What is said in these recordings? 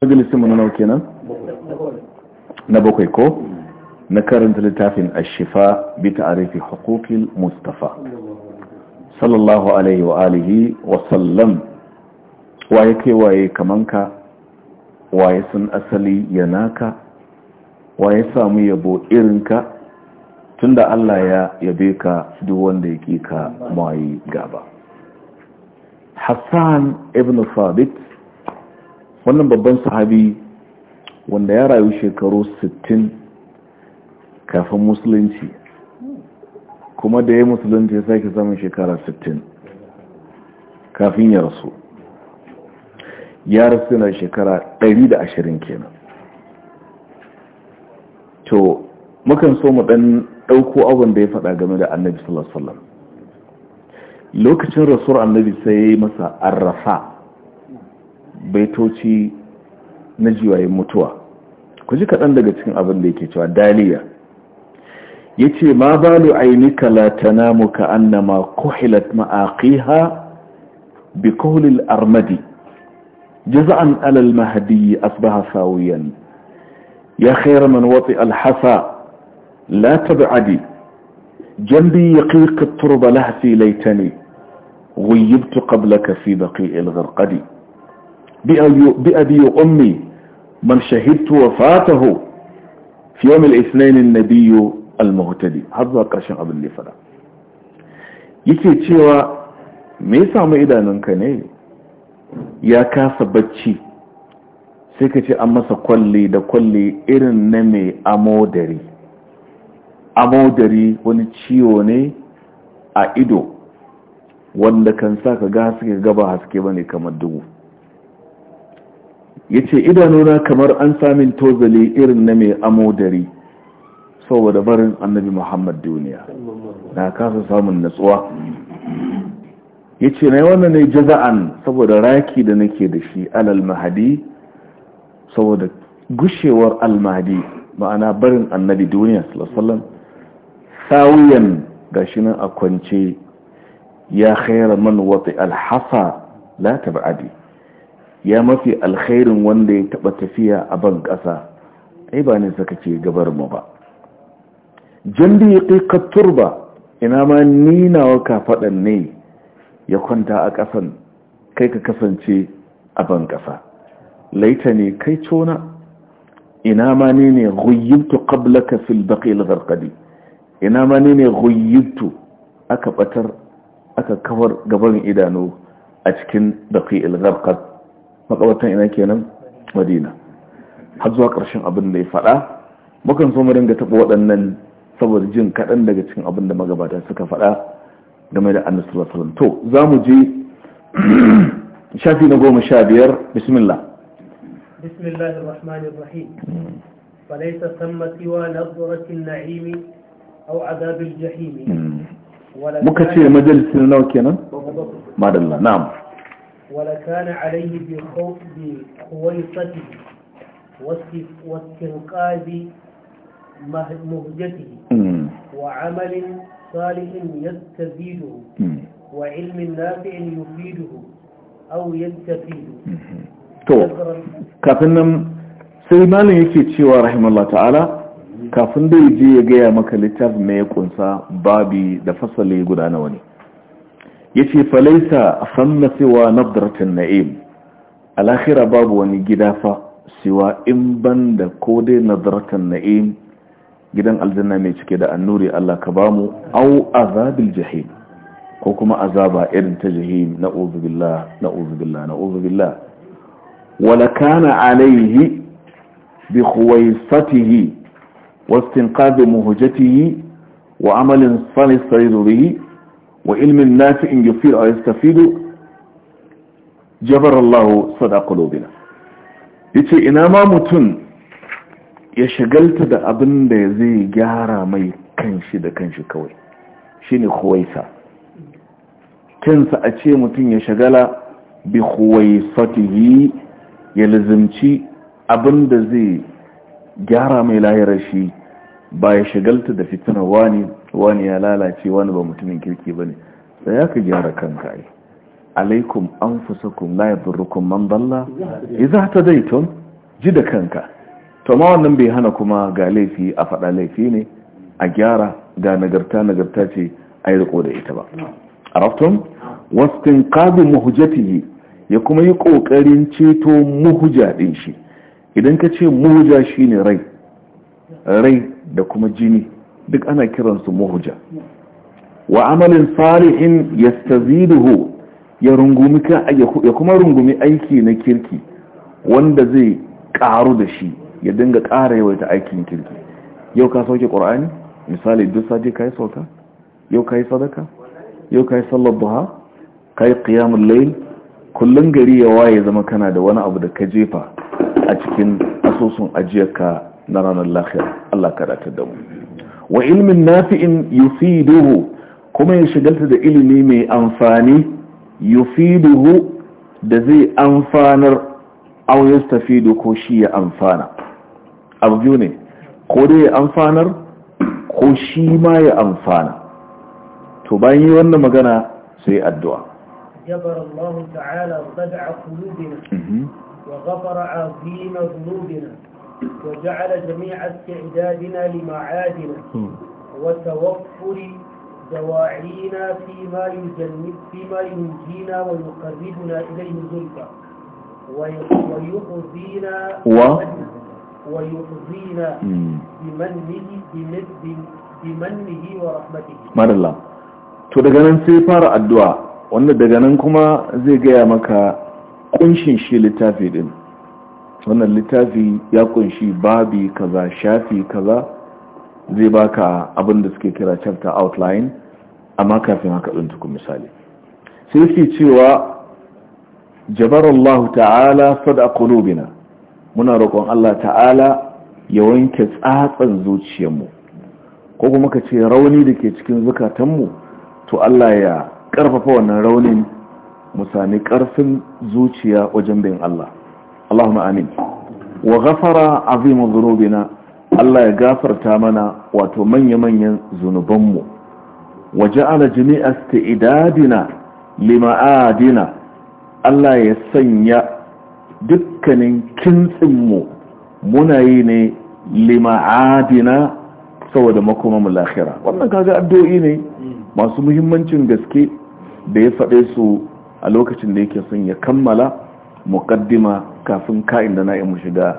majalisinmu na nauke nan? na bakwai ko na karanta littafin ashifa bi ta'arifi hukukil mustafa sallallahu alaihi wa alihi wa sallam waye kai waye kamanka waye sun asali yanaka waye samu yabo irinka tunda Allah ya yabe ka duk wanda yake ka mai gaba Hassan ibn Thabit wannan babban sahabi wanda ya rayu shekaru 60 kafin musulunci kuma da ya musulunci ya sake samun shekara 60 kafin ya rasu ya rasu na shekara 120 kenan to mukan so mu dan dauko abin da ya faɗa game da annabi sallallahu alaihi wasallam lokacin rasuwar annabi sai ya yi masa arrafa baitoci na jiwayen mutuwa ku ji kaɗan daga cikin abin da yake cewa daliya ya ce ma balu ainika la tanamu ka annama kuhilat ma'aqiha bi kuhlil armadi jaza'an alal mahdi asbaha sawiyan ya khayra man wati al hasa la tab'adi جنبي يقيق التربة لهفي ليتني غيبت قبلك في بقيء الغرقد بأبي وأمي من شهدت وفاته في يوم الاثنين النبي المهتدي har zuwa ƙarshen abin da ya fada yake cewa me ya samu idanunka ne ya kasa bacci sai ka ce an masa kwalli da kwalli irin na mai amodari amodari wani ciwo ne a ido wanda kan sa ka ga haske gaba haske bane kamar dubu ya ce idanuna kamar an samin tozali irin na mai amo dari saboda barin annabi muhammad duniya na kasa samun natsuwa ya ce na yi wannan ne jaza'an saboda raki da nake da shi alal mahadi saboda gushewar almahadi ma'ana barin annabi duniya salasalam sawiyan ga shi nan a kwance ya khaira man wata alhasa la tab'adi ya mafi alkhairin wanda ya taba tafiya a ban ƙasa ai ba ne saka ce gabar mu ba jandi ya kai turba ina ma ka kafaɗan ne ya kwanta a ƙasan kai ka kasance a ban ƙasa laita ne kai cona ina ma ni ne ghuyyibtu qablaka fil baqil gharqadi ina ma ni ne ghuyyibtu aka batar aka kawar gaban idanu a cikin baqil gharqadi makabartan ina kenan madina har zuwa ƙarshen abin da ya faɗa mukan so mu dinga taɓa waɗannan saboda jin kaɗan daga cikin abin da magabata suka faɗa game da annabi sallallahu alaihi wasallam to za mu je shafi na goma sha biyar bismillah بسم الله الرحمن الرحيم فليس ثم سوى نظرة النعيم أو عذاب الجحيم muka ce majalisin nawa kenan madalla na'am ولكان عليه بخوف بخويصته واستنقاذ مهجته وعمل صالح يستزيده وعلم نافع يفيده أو يستفيده kafin nan sai malin yake cewa rahimallah ta'ala kafin da je ya gaya maka littafin mai ya kunsa babi da fasali guda nawa ne yace falaita sanna siwa nadratin na'im alakhira babu wani gida fa siwa in banda da kodai nadratin na'im gidan aljanna mai cike da annuri Allah ka bamu au azabil jahim ko kuma azaba irin ta jahim na'udhu billah na'udhu billah na'udhu billah wala kana bi khuwaisatihi wa amalin salih sayruhi wa ilmin nafi'in yufir a yastafidu jabar Allah sada yace ina ma mutum ya shagalta da abin da zai gyara mai kanshi da kanshi kawai shine khuwaisa kansa a ce mutum ya shagala bi khuwaisatihi ya lazimci abin da zai gyara mai lahirar shi ba ya shagalta da fitinarwa wani. wani ya lalace wani ba mutumin kirki ba ne sai ya ka gyara kanka yi alaikum an fusakun rukun man balla iza ta daitun ji da kanka to ma wannan bai hana kuma ga laifi a faɗa laifi ne a gyara ga nagarta nagarta ce a yi riko da ita ba a raftun wasu kabin mahujatihi ya kuma yi ƙoƙarin ceto muhuja ɗin shi idan ka ce muhuja shine rai rai da kuma jini duk ana kiransu muhuja wa amalin salihin yastaziduhu ya rungumi ya kuma rungumi aiki na kirki wanda zai karu da shi ya dinga ƙara yawaita aikin kirki yau ka sauke ƙorani misali duk saje ka sauka yau ka yi sadaka yau ka yi sallar duha ka yi ƙiyamun lail kullum gari ya waye zama kana da wani abu da ka jefa a cikin asusun ajiyarka na ranar lahiyar allah ka da mu wa ilmin nafi'in yufiduhu kuma ya shigarta da ilimi mai amfani yufiduhu da zai amfanar ya yastafidu ko shi ya amfana abu ne ko dai ya amfanar ko shi ma ya amfana to bayan yi wannan magana sai addu'a جبر الله تعالى ضدع قلوبنا وغفر عظيم وجعل جميع استعدادنا لمعادنا وتوفر دواعينا فيما يجنب فيما ينجينا ويقربنا إليه زلفى ويقضينا و ويقضينا بمنه بمنه ورحمته مر الله to daga nan sai fara addu'a wanda daga nan kuma zai gaya maka kunshin shi littafi din wannan littafi ya kunshi babi kaza shafi kaza zai baka abin da suke kira chapter outline amma kafin haka ɗin tukun misali sai suke cewa jabarallahu ta'ala sada kulubina muna roƙon Allah ta'ala ya wanke tsatsan zuciyarmu ko kuma ka ce rauni da ke cikin zukatanmu to Allah ya ƙarfafa wannan raunin mu sami ƙarfin zuciya wajen bin Allah Allahumma amin wa ghafara azimu dhunubina Allah ya gafarta mana wato manya-manyan zunubanmu waje ala jami'a istidadina lima'adina Allah ya sanya dukkanin kintsinmu muna yi ne lima'adina saboda makomanmu lahira wannan kaga addu'o'i ne masu muhimmancin gaske da ya faɗe su a lokacin da yake son ya kammala muqaddima kafin ka'in da na'in mu shiga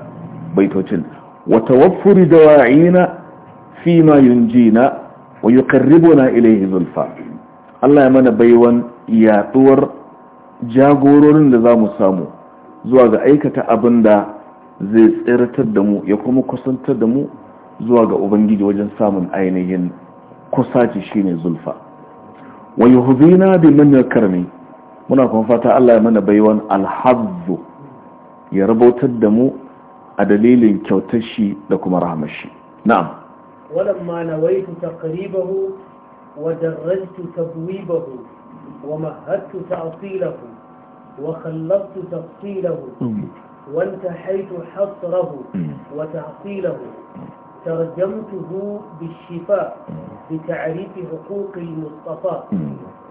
baitocin wa tawaffuri dawa'ina fi ma yunjina wa yuqarribuna ilayhi zulfa Allah ya mana baiwan yaduwar jagororin da za mu samu zuwa ga aikata da zai tsiratar da mu ya kuma kusantar da mu zuwa ga ubangiji wajen samun ainihin kusaci shine zulfa wa na bi manyan karmi muna kuma fata Allah ya mana baiwan alhazzu ya rabotar da mu a dalilin kyautar shi da kuma rahamar shi na'am walamma nawaitu taqribahu wa darrajtu tabwibahu wa mahattu ta'tilahu wa khallaqtu tafsilahu wa intahaytu hasrahu wa ta'tilahu ترجمته بالشفاء بتعريف حقوق المصطفى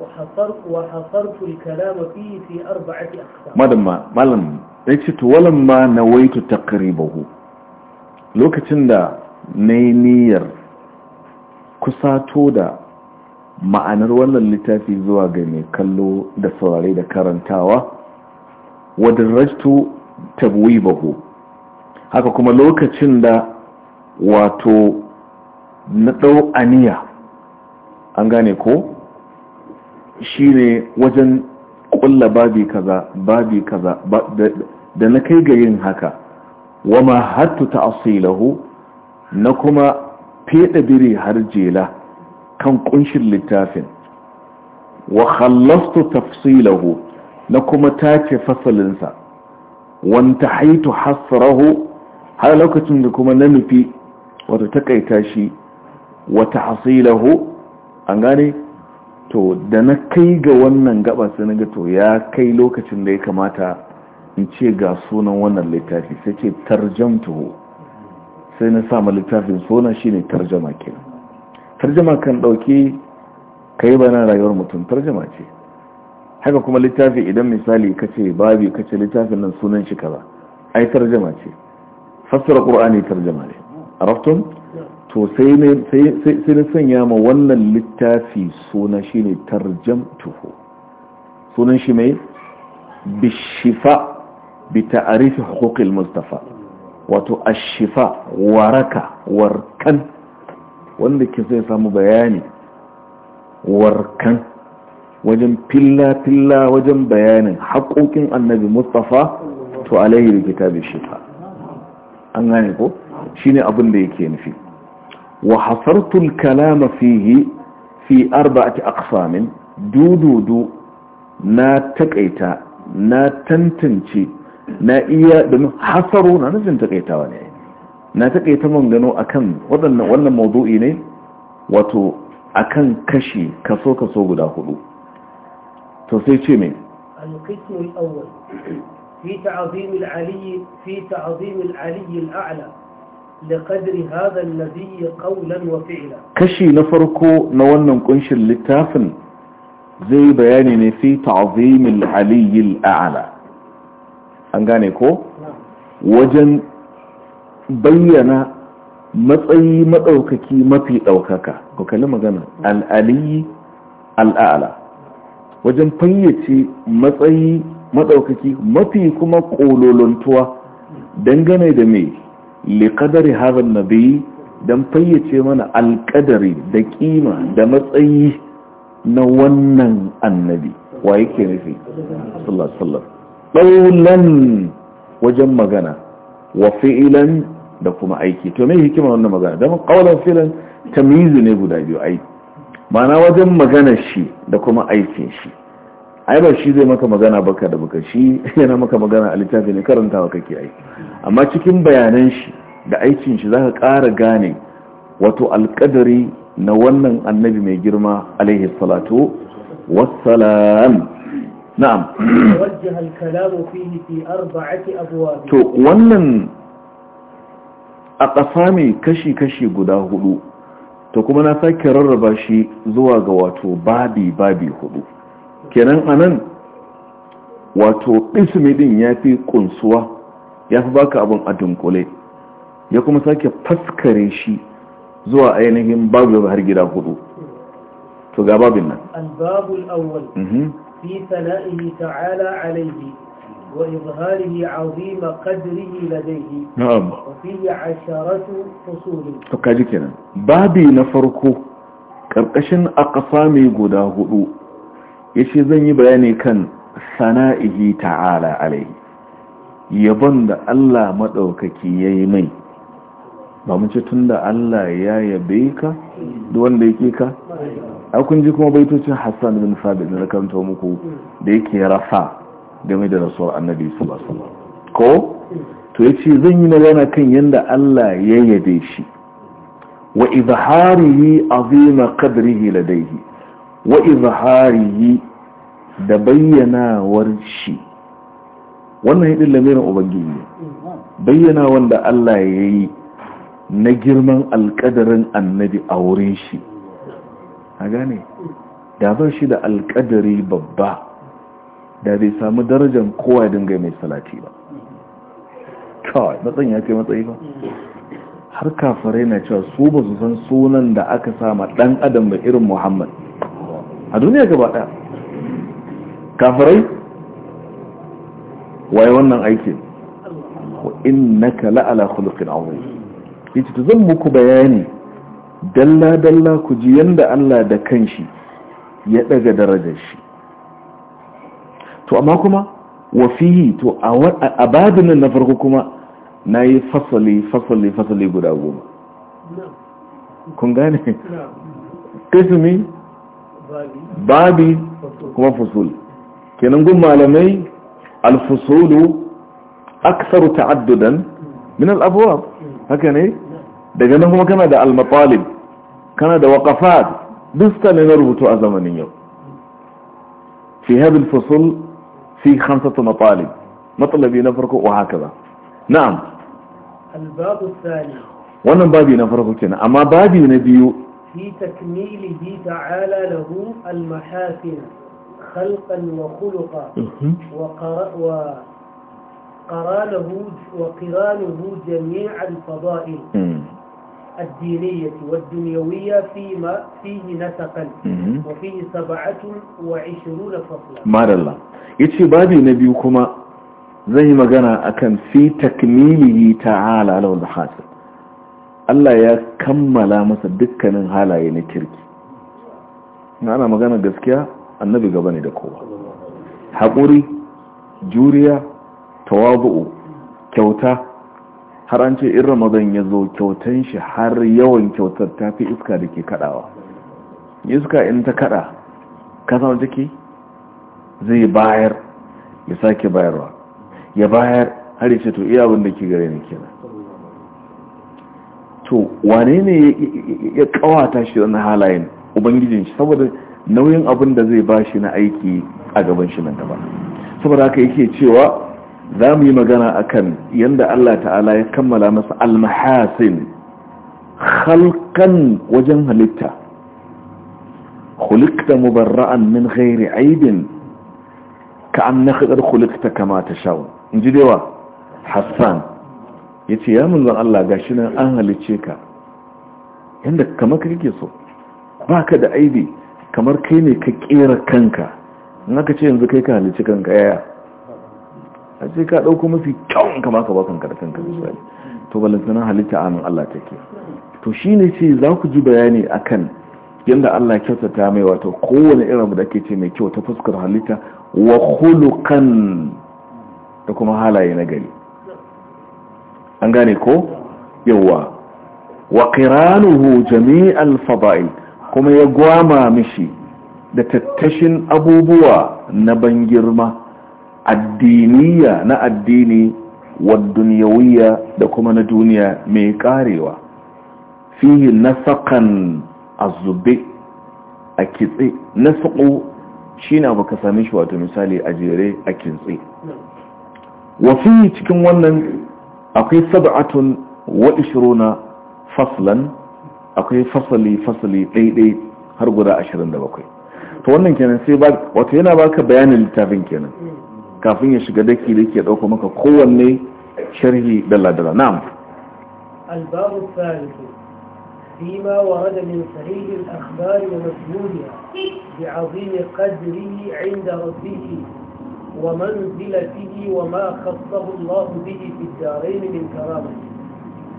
وحصرت الكلام فيه في أربعة أقسام مدما ملم lokacin da na yi niyyar kusato da ma'anar wannan littafi zuwa ga mai kallo da saurare da karantawa wadda rashto tabuwi bahu. haka kuma lokacin da wato na ɗau aniya an gane ko shine wajen kulla babi kaza babi kaza da na kai ga yin haka wama hattu ta'silahu na kuma feda biri har jela kan kunshin littafin wa khallastu tafsilahu na kuma tace fasalinsa wanta haitu hasrahu har lokacin da kuma na nufi wato takaita shi wata hasilahu an gane to da na kai ga wannan gaɓa sai na ga to ya kai lokacin da ya kamata in ce ga sunan wannan littafi sai ce tarjamtuhu sai na sama littafin sunan shine tarjama ke tarjama kan dauki kai bana rayuwar mutum tarjama ce haka kuma littafi idan misali ka kace babi ce littafin nan sunan shi kaza ai tarjama ce fassara qur'ani tarjama ne arabtum to sai na sanya ma wannan littafi suna shi ne tarjamtuhu sunan shi mai bishifa bi ta'arifi hukukul mustafa wato ashifa waraka warkan wanda ke zai samu bayani warkan wajen filla-filla wajen bayanin haƙoƙin annabi mustafa to alaihi da kitabi an gane ko shine abin da yake nufi وحصرت الكلام فيه في أربعة أقسام دو دو دو نا تكيتا نا تنتنشي نا إيا دم حصرونا نزل تكيتا واني نا تكيتا من جنو أكن ودن ولا موضوعي ني واتو أكن كشي كسو كسو قدا خلو تسيتي من القسم الأول في تعظيم العلي في تعظيم العلي الأعلى kashi na farko na wannan ƙunshin littafin zai bayani ne fi ta'zimin aliyyil a'ala an gane ko wajen bayyana matsayi maɗaukaki mafi ɗaukaka ga kalli magana al'ala wajen fayyace matsayi maɗaukaki mafi kuma ƙololontuwa dangane da mai liƙadari hazan nabi don fayyace mana alƙadari da ƙima da matsayi na wannan annabi wa yake nufi sallallahu ɗaulan wajen magana wa fi'ilan da kuma aiki to me hikima wannan magana don ƙaunar fi'ilan tamizu ne guda biyu aiki Mana wajen magana shi da kuma aikin shi ai ba shi zai maka magana baka da baka shi yana maka magana a littafi ne karantawa kake ai amma cikin bayanan shi da aikin shi zaka ƙara gane wato alƙadari na wannan annabi mai girma alaihi salatu wassalam na'am to wannan a ƙasa mai kashi-kashi guda hudu to kuma na sake rarraba shi zuwa ga wato babi-babi hudu kenan anan wato ismi din ya fi kunsuwa ya fi baka abin a dunkule ya kuma sake faskare shi zuwa ainihin babu har gida hudu to ga babin nan albabul awwal mhm. fi sana'ihi ta'ala alayhi wa izharihi azima qadrihi ladayhi na'am wa fihi 'asharatu fusuli to kaji kenan babi na farko karkashin aqsami guda hudu Yace zan yi bayani kan sana'ihi ta'ala alaihi yabon da Allah maɗaukaki ya yi mai ba mu ce tun da Allah ya yabe ka da wanda yake ka akun ji kuma baitocin hassan bin sabit na kanta muku da yake rafa game da rasuwar annabi sallallahu alaihi ko to yace zan yi magana kan yanda Allah ya yabe shi wa izharihi azima qadrihi ladaihi wa izharihi da bayyanawar shi wannan hidin lamirin ubangiji bayyana wanda Allah ya yi na girman alkadarin annabi a wurin shi a gane da ba shi da alkadari babba da bai samu darajar kowa dinga mai salati ba kawai matsayin ya ce matsayi ba har kafare na cewa su ba su san sunan da aka sama dan adam da irin muhammad a duniya gaba ɗaya kafirai waye wannan aikin wa innaka la'ala khuluqin azim yace to zan muku bayani dalla dalla ku ji yanda Allah da kanshi ya daga darajar shi to amma kuma wa fihi to a babin na farko kuma nayi fasali fasali fasali guda goma kun gane kasumi babi kuma fusul kenan gun malamai alfusulu aksaru ta'addudan min al'abuwar haka ne daga nan kuma kana da almatalib kana da waƙafat dusta ne na rubutu a zamanin yau fi hadin fusul fi hamsatu matalib matsalabi na farko wa haka ba na'am wannan babi na farko kenan amma babi na biyu في تكميله تعالى له المحاسن خلقا وخلقا وقرانه وقرانه جميع الفضائل الدينية والدنيوية فيما فيه نسقا وفيه سبعة وعشرون فصلا مار الله يتشي بابي نبيكما زي ما قنا أكن في تكميله تعالى له المحاسن Allah ya kammala masa dukkanin halaye na kirki ana magana gaskiya annabi gaba ne da kowa haƙuri juriya tawabu'u kyauta har an ce in ramadan ya zo kyautan shi har yawan kyautar ta fi iska da ke kaɗawa iska in ta kaɗa, kasar take zai bayar ya sake bayarwa ya bayar har ya ce to iya abin da ke gare ni kenan to wane ne ya kawata shi wannan halayen ubangijin shi saboda nauyin abin da zai bashi na aiki a gaban shi nan gaba saboda haka yake cewa za mu yi magana akan yadda Allah ta'ala ya kammala masa almahasin halkan wajen halitta min ghairi aibin ka an na كأن kama ta shawo in ji dewa hassan ya ce ya mulzan Allah ga shi nan an halice ka yadda kamar ka kake so ba ka da aibi kamar kai ne ka kera kanka in aka ce yanzu kai ka halice kanka yaya a ce ka ɗauko mafi kyawun kama ka ba kanka da kanka misali to balantana halitta amin Allah take to shi ne ce za ku ji bayani akan yadda Allah kyauta ta mai wato kowane irin da ke ce mai kyau ta fuskar halitta wa hulukan da kuma halaye na gari an gane ko yawa wa qiranuhu jami'al fada'il kuma ya gwama mishi da tattashin abubuwa na ban girma addiniya na addini wa dunyawiya da kuma na duniya mai karewa fihi nasakan azube a kitse shine baka ka same shi wato misali a jere a kitse wa fihi cikin wannan akwai sab'atun wa ishiruna faslan akwai fasali fasali ɗaiɗai har guda ashirin da bakwai ta wannan kenan sai ba wato yana baka bayanin littafin kenan kafin ya shiga daki da yake ɗauka maka kowanne sharhi dalla-dalla na'am الباب الثالث فيما ورد من صحيح الأخبار ومسنودها بعظيم قدره عند ربه ومنزلته وما خصه الله به في الدارين من كرامة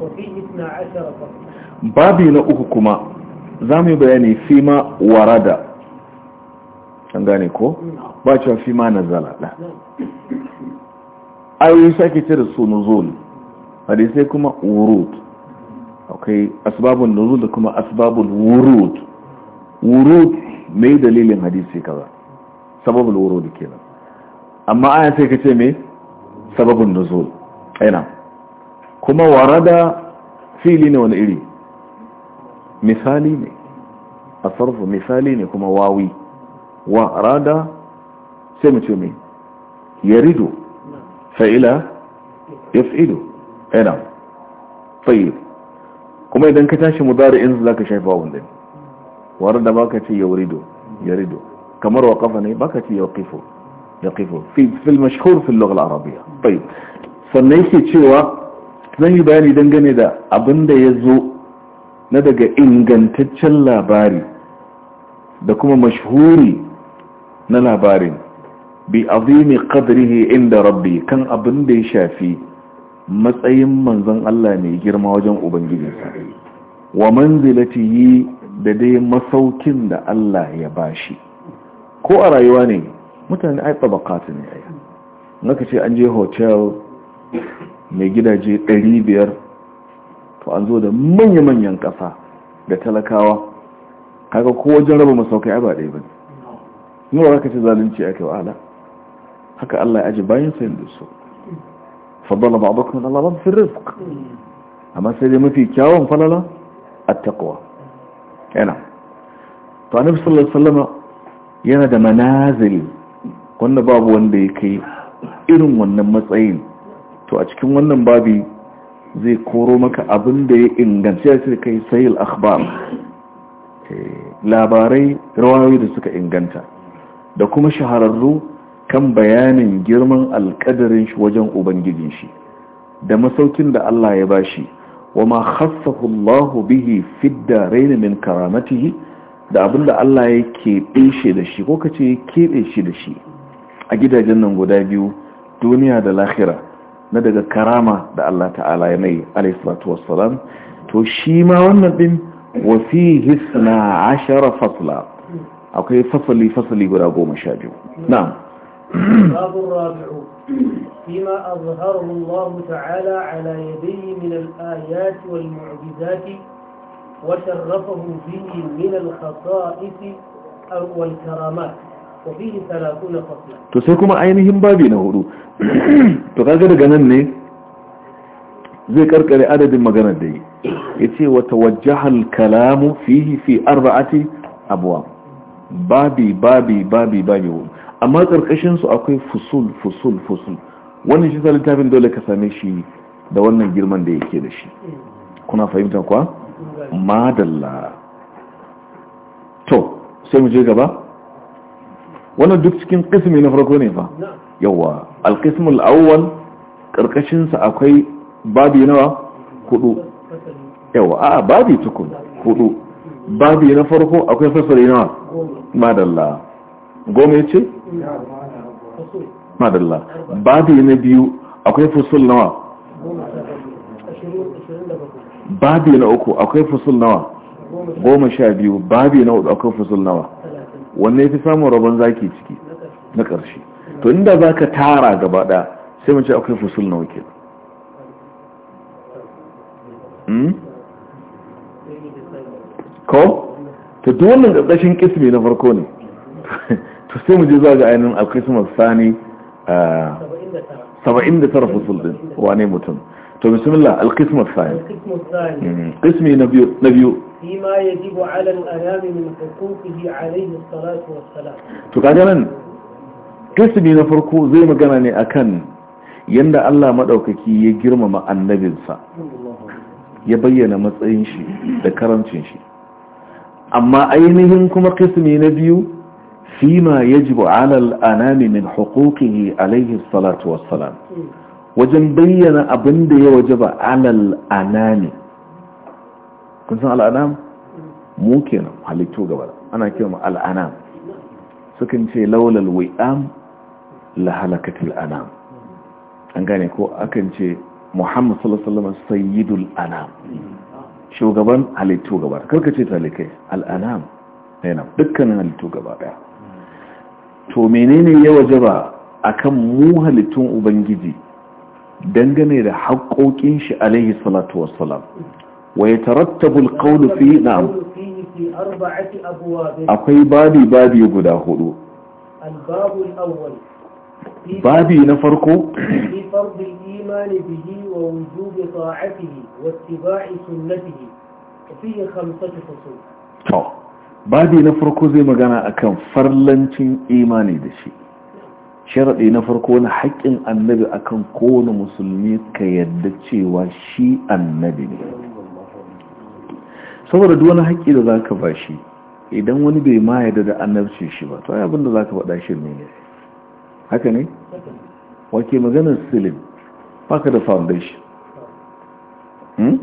وفيه 12 فصل babi na uku kuma za mu yi bayani fima warada an gane ko ba cewa fima na zalada ayoyi sake cire su nuzul hadisi kuma wurud akwai asbabun nuzul da kuma asbabun wurud wurud mai dalilin hadisi kaza sababul wurud kenan amma aya sai ka ce me sababin nuzul aina kuma warada fili ne wani iri misali ne a sarfu misali ne kuma wawi warada sai mu ce me rido fa'ila ya yaf'ilu aina fayi kuma idan ka tashi ka zaka shafa wanda warada ka ce ya rido kamar wa kafa ne ba ka ce kifo yaqifu fi fil cewa zan yi bayani dangane da abin da ya zo na daga ingantaccen labari da kuma mashhuri na labarin bi azimi in da rabbi kan abin da ya shafi matsayin manzon Allah ne girma wajen ubangijinsa wa manzilatihi da dai masaukin da Allah ya bashi ko a rayuwa ne mutane ai tabakatu ne ai naka ce an je hotel mai gidaje 500 to an zo da manya-manyan kasa da talakawa kaga ko wajen raba masaukai ai ba ɗaya ba ne ba ka ce zalunci ake ala? haka Allah ya aji bayan sayin da su fadala ba abokan Allah ba fi rizq amma sai dai mafi kyawun falala a taqwa yana to annabi sallallahu alaihi wasallam yana da manazili wanda babu wanda ya kai irin wannan matsayin to a cikin wannan babi zai koro maka abin da ya inganci ya ce kai sayil akhbar eh, labarai rawayoyi da suka inganta da kuma shahararru kan bayanin girman alkadarin shi wajen ubangijin shi da masaukin da Allah ya bashi wa ma khassahu Allahu bihi fid darain min karamatihi da abinda Allah ya keɓe shi da shi ko kace ya keɓe shi da shi a gidajen nan guda biyu duniya da lahira na daga karama da Allah ta'ala ya mai alaihissalatu wassalam to shi ma wannan din wafi hisna ashara fasla akwai fasali fasali guda goma sha biyu na'am باب الرابع فيما أظهره الله تعالى على يديه من الآيات والمعجزات وشرفه به من الخصائص والكرامات to sai kuma ainihin babi na hudu to kaga daga nan ne zai karkare adadin maganar da yi ya ce wata wajahal kalamu fihi fi arba'ati abuwa babi babi babi babi hudu amma su akwai fusul fusul fusul wannan shi littafin dole ka same shi da wannan girman da yake da shi kuna fahimta kuwa madalla to sai mu je gaba wannan duk cikin qismi na farko ne fa yawa al-qism al-awwal karkashin akwai babi nawa hudu yawa a babi tukun hudu babi na farko akwai fasari nawa madalla goma ya ce? madalla babi na biyu akwai fusul nawa babi na uku akwai fusul nawa goma sha biyu babi na uku akwai fusul nawa wanne fi samun rabon zaki ciki na ƙarshe to inda za ka tara gaba ɗaya sai mace akwai fusul na wakil hmm? ko? ta duk wannan ƙarƙashin ƙismi na farko ne to sai mu je zuwa ga ainihin alkismar sani saba'in da tara fusul din wane mutum to bismillah alkismar sani ƙismi hmm, na biyu فيما يجب على الأنام من حقوقه عليه الصلاة والسلام تقعدنا كسبي نفرقو زي ما قال أكن yanda Allah madaukaki ya مع النبي annabinsa, ya bayyana matsayin shi da karancin shi amma ainihin kuma kismi na biyu fima yajibu al anami min huquqihi alayhi salatu wassalam wajen bayyana abin da ya wajaba al anami kun san al'anam mu kenan halittu gaba ana kiran al'anam sukan ce laulal wi'am la halakatil anam an gane ko akan ce muhammad sallallahu alaihi wasallam sayyidul anam shugaban halittu gaba karka ce talikai al'anam yana dukkanin halittu gaba daya to menene ya wajaba akan mu halittun ubangiji dangane da haƙoƙin shi alaihi salatu wassalam Wai القول فيه نعم akwai babi babi guda hudu babi na farko babi na farko zai magana akan farlancin imani da shi sharaɗi na farko na haƙƙin annabi akan kowane musulmi ka yarda cewa shi annabi ne saboda duk wani haƙƙi da zaka ba shi idan wani bai ma yarda da annabci shi ba to ai abin da zaka faɗa shi ne haka ne wake maganar silim baka da foundation hmm?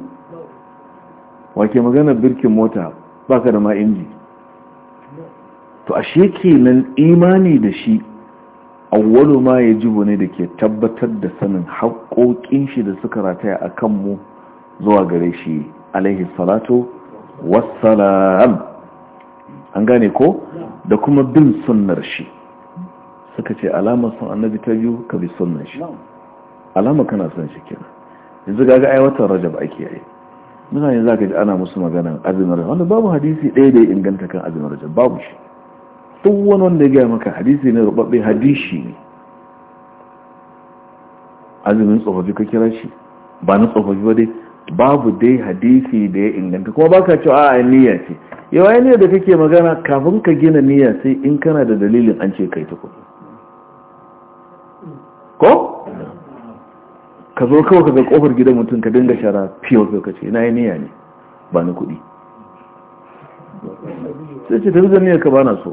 wake maganar birkin mota baka da ma inji to ashe kenan imani da shi awwalu ma yajibu ne da ke tabbatar da sanin haƙoƙin shi da suka rataya a kanmu zuwa gare shi alaihi salatu wassalam an gane ko da kuma bin sunnar shi suka ce alamar sun annabi ta biyu ka bi sunnar shi Alamar kana son shi kenan yanzu ga ga watan rajab ake yi muna za ka ji ana musu maganar azumin rajab wanda babu hadisi ɗaya da ya inganta kan azumin rajab babu shi duk wani wanda ya gaya maka hadisi ne rubabbe hadisi ne azumin tsofaffi ka kira shi ba na tsofaffi ba dai babu dai hadisi da ya inganta kuma baka cewa a niyya ce yawa ya da kake magana kafin ka gina niyya sai in kana da dalilin an ce kai ta ko? ka zo kawai ka ga kofar gidan mutum ka dinga shara fiye fiye ka ce na yi niyya ne ba na kudi sai ce tafi zaniyar ka bana so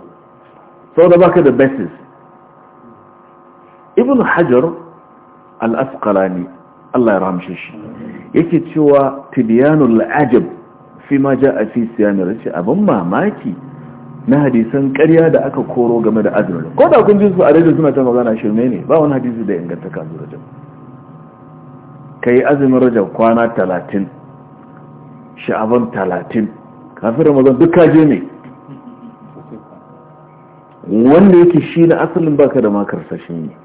sau da baka da basis ibn hajar al-asqalani Allah ya ramshe shi yake cewa tibiyanul la'ajab fi ma ja a fi siyami rashi abin mamaki na hadisan ƙarya da aka koro game da azumin ko da kun ji su a rajin suna ta magana shirme ne ba wani hadisi da inganta ka zuwa ka yi azumin rajin kwana talatin sha'aban talatin kafin ramadan duk kaje ne wanda yake shi na asalin baka da makar sashen ne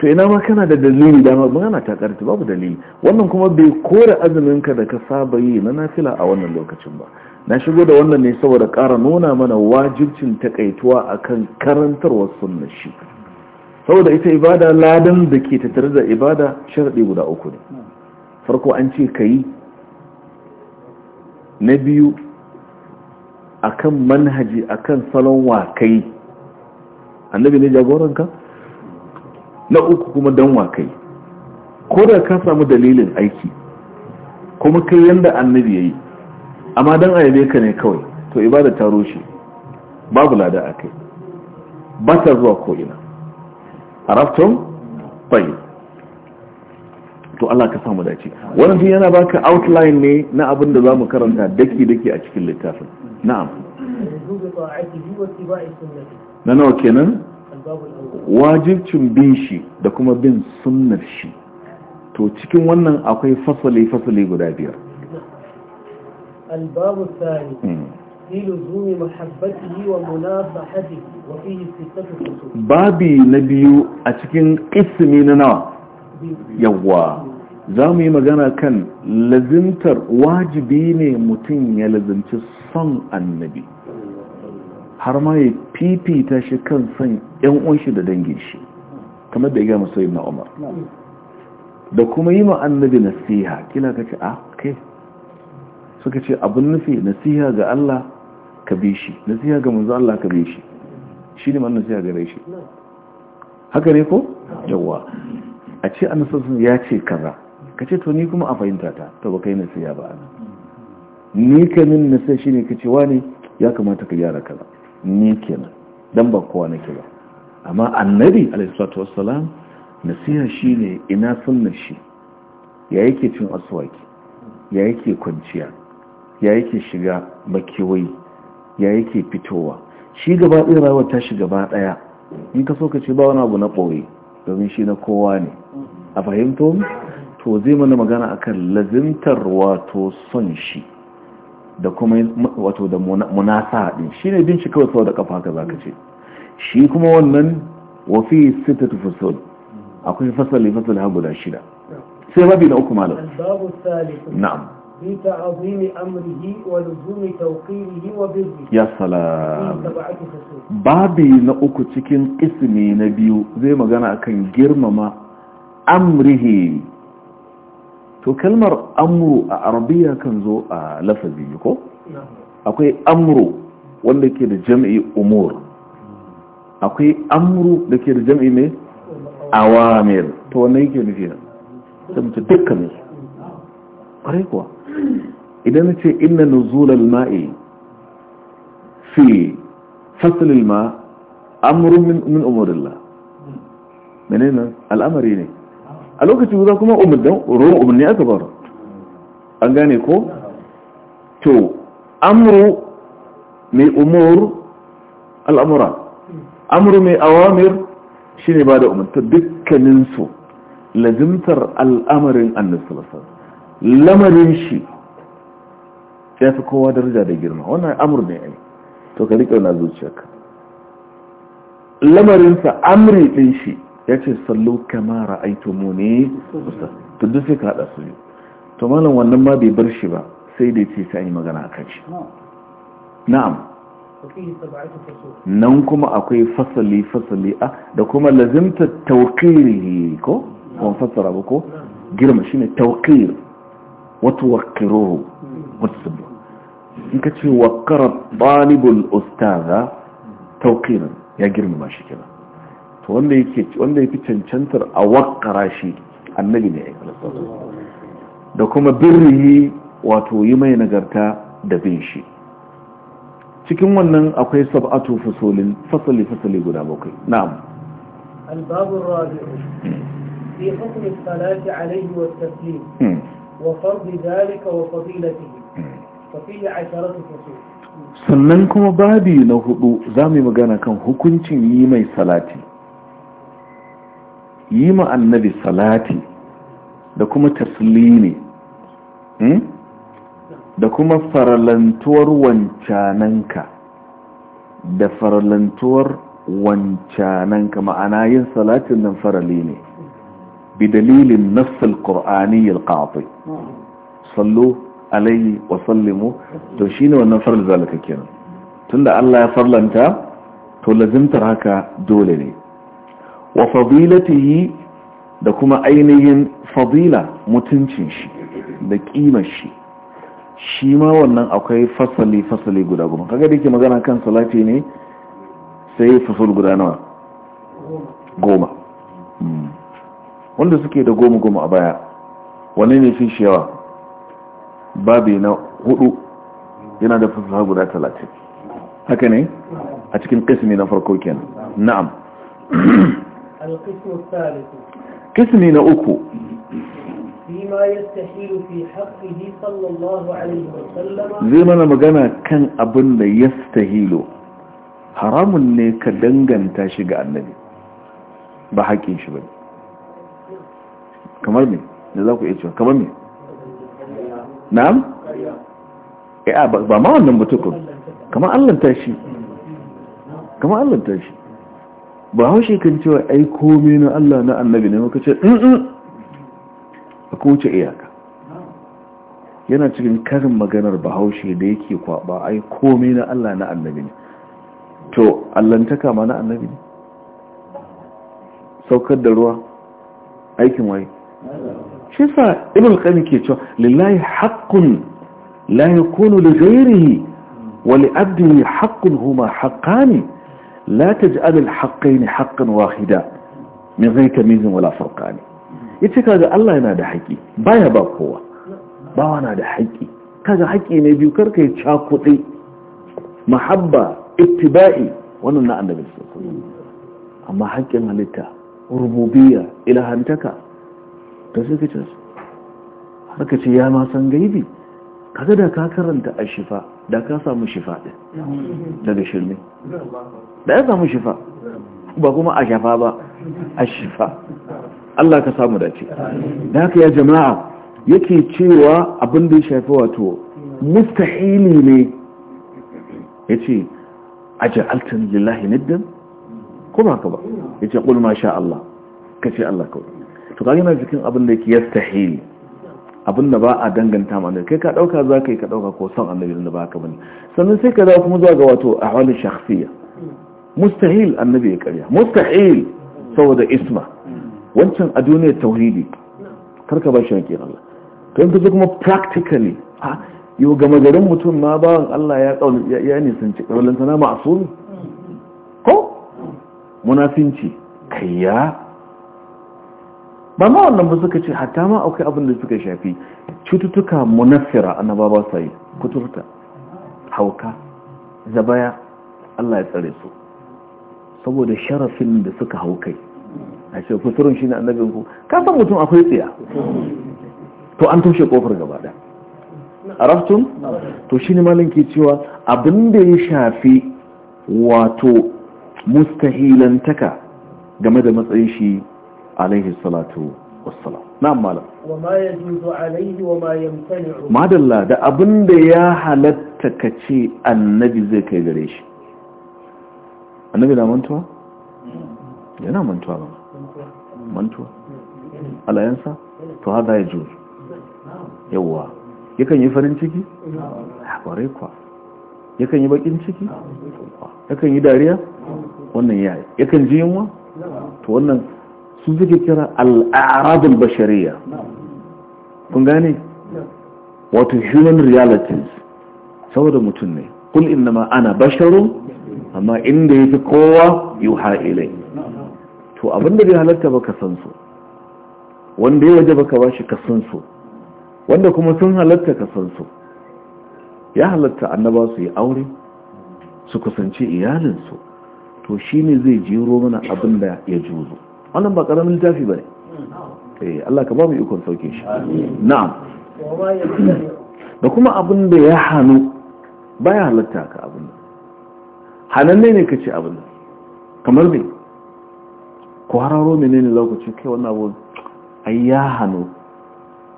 to ina ma kana da dalili dama magana ta karti babu dalili wannan kuma bai kore azumin ka da ka saba yi na nafila a wannan lokacin ba na shigo da wannan ne saboda kara nuna mana wajibcin takaituwa akan karantarwar sunna shi saboda ita ibada ladan da ke tattare da ibada sharadi guda uku ne farko an ce ka yi na biyu akan manhaji akan salon wa kai annabi ne jagoranka na uku kuma don wa kai ko da ka samu dalilin aiki kuma kai yadda annabi ya yi amma don ayabe ka ne kawai to ibada ta rushe babu lada a kai ba ta zuwa ko'ina a rafton tayyib to Allah ka samu dace wannan din yana baka outline ne na abin da za mu karanta daki daki a cikin littafin na'am na nawa kenan wajibcin bin shi da kuma bin sunnar shi to cikin wannan akwai fasali-fasali guda biyar albabu tsari hmm. fi mahabbati yi wa munafahatihi wa fihi sittatu babi na biyu a cikin ismi na nawa yawa za mu yi magana kan lazimtar wajibi ne mutum ya lazimci son annabi har ma ya fifita shi kan son yan unshi da dangin shi kamar da ya gama sayi na umar da kuma yi annabi nasiha kila ka ce a ah, kai suka ce abin nufi nasiha ga Allah ka bi shi nasiha ga manzo Allah ka bi shi shi ne nasiha ga shi haka ne ko yawwa a ce sassan ya ce kaza ka ce to ni kuma a fahimta ta to ba kai nasiha ba ana ni kamin nasiha ne ka ce ne ya kamata ka gyara kaza ni kenan don ba kowa nake ba amma annabi alaihi salatu wassalam nasiha shine ina sunnar shi ya yake cin aswaki ya yake kwanciya ya yake shiga makewai ya yake fitowa shi gaba ɗaya rayuwar ta shi gaba ɗaya in ka so ka ce ba wani abu na ɓoye domin shi na kowa ne a fahimto to zai mana magana akan lazimtar wato son shi da kuma wato da munasa din shi ne shi kawai sau da kafa haka zaka ce shi kuma wannan wa fi sittatu fusul akwai fasali fasali har guda shida sai babi na uku malam babu salisu na'am bi ta'zimi amrihi wa luzumi tawqirihi wa birri ya salam babi na uku cikin ismi na biyu zai magana akan girmama amrihi to kalmar amru a arabiya kan zo a lafazi ko akwai amru wanda ke da jam'i umur akwai amru da ke da jam'i mai awamir to wannan yake nufi na sai mutu dukkanin kwarai kuwa idan na ce inna nuzulal ma'i fi fasalil ma amurin min umurillah menene al'amari ne a lokacin guda kuma umarnin ruwan umarni aka bar an gane ko to amru mai umur al'amura amru mai awamir shi ne ba da umarta dukkaninsu lazimtar al'amarin annisalasar lamarin shi ya fi kowa daraja da girma wannan amur ne ai to ka riƙe na zuciyarka lamarinsa amri ɗin shi ya ce sallo kama ra'aitumu ne to duk sai ka hada su yi to malam wannan ma bai bar shi ba sai dai ce sai yi magana akan shi na'am nan kuma akwai fasali fasali a da kuma lazimta tawqiri ko kuma fassara ba ko girma shine tawqir wato waqiruhu hmm. wato sabbu in ka ce waqara talibul ustaza Taukirin. ya girma shi kenan to wanda yake wanda yake cancantar a wakkara shi annabi ne da kuma birri wato yi mai nagarta da bin shi cikin wannan akwai sab'atu fasolin fasali fasali guda bakwai na'am al-babu fi hukm salati alayhi wa حكم hmm. wa عليه dhalika wa ذلك hmm. fa fi عشرة فصول sannan kuma babi na hudu zamu yi magana kan hukuncin yi mai salati yi ma annabi salati da kuma taslimi hmm? da kuma faralantuwar wancananka da faralantuwar wancananka ma'ana yin salatin nan farali ne bi dalilin nassal qur'ani al-qati sallu alayhi wa sallimu to shine wannan faral zalika kenan tunda Allah ya farlanta to lazimtar haka dole ne wa fadilatihi da kuma ainihin fadila mutuncin shi da kimar shi shi ma wannan akwai fasali-fasali guda goma kaga da ke magana kan salati ne sai fasal guda nawa goma hmm. wanda suke da goma-goma a baya wani ne fi shi babi na hudu yana da fasaha guda talatin haka ne a cikin kasimi na farko kenan na'am kismi na uku zai mana magana kan abin da ya stahilo haramun ne ka danganta shi ga annabi ba haƙin shi ba kamar me da za ku iya cewa kamar me na'am? ba ma wannan mutukun kamar allanta shi kamar allanta shi ba haushe kan cewa ai komai na Allah na annabi ne maka ce a kowace iyaka yana cikin karin maganar bahaushe da yake kwaba ai komai na Allah na annabi ne to allantaka ma na annabi ne saukar da ruwa aikin waye shi sa ibn qayyim ke cewa lillahi haqqun la yakunu li ghayrihi wa li abdihi haqqun huma haqqani la taj'al al-haqqayn haqqan wahida min ghayri tamyizin wala furqan yace kaga Allah yana da haƙi baya ba kowa bawa na da haƙi kaga haƙi ne biyu yi ya cakuɗe mahabba ittiba'i wannan na annabi amma haƙin halitta rububiyya ilahantaka da suka ce haka ce ya ma san gaibi kaga da ka karanta ashifa da ka samu shifa ɗin daga shirme da ya samu shifa ba kuma a shafa ba a shifa Allah ka samu dace da haka ya jama'a yake cewa abin da ya shafi wato mustahili ne ya ce a ja'altun lillahi niddan kuma ba ka ba ya ce ƙulma sha Allah ka ce Allah kawai to kage na cikin abin da yake yastahili abin da ba a danganta ma ne kai ka dauka za ka yi ka dauka ko son annabi da ba ka bane sannan sai ka dawo kuma zuwa ga wato ahwalin shakhsiyya mustahil annabi ya karya mustahil saboda isma wancan a duniyar tauhidi karka ba shi hanki Allah to yanzu kuma practically ha yau gama garin mutum ma bawan Allah ya kaulin ya ne sun ci kawalanta na ma'asumi ko munafinci kayya ba ma wannan ba suka ce hatta ma akwai abin da suka shafi cututtuka munafira na ba su yi kuturta hauka zabaya Allah ya tsare su saboda sharafin da suka haukai a ce kusurin shi ne annabin ku ka san mutum akwai tsiya to an toshe kofar gaba da araftun to shi ne malin ke cewa abin da ya shafi wato mustahilantaka game da matsayin shi عليه salatu والسلام نعم malam وما يجوز عليه وما يمتنع ما madalla da abinda ya halatta kace annabi zai kai gare shi annabi منتوى ينا yana منتوى ba mantuwa alayansa to يجوز ya yakan yi farin ciki kwa yakan yi bakin ciki yakan yi dariya wannan ya yakan ji yunwa to wannan sun suke kira al'aradul bashariya kun gane wato human realities saboda mutum ne kul inna ma ana basharu amma inda yafi kowa yuha ilai to abinda bai halatta ba ka san su wanda ya waje baka bashi ka san su wanda kuma sun halarta ka san su ya halarta annaba su yi aure su kusanci iyalinsu to shine zai jero mana abinda ya juzo wannan ba karamin littafi ba ne eh, Allah ka ba mu ikon sauke shi na'am da kuma abin da ya hannu baya halatta ka abin da hananne ne ka ce abin da kamar me ko hararo ne za ku ce kai wannan abu a ya hannu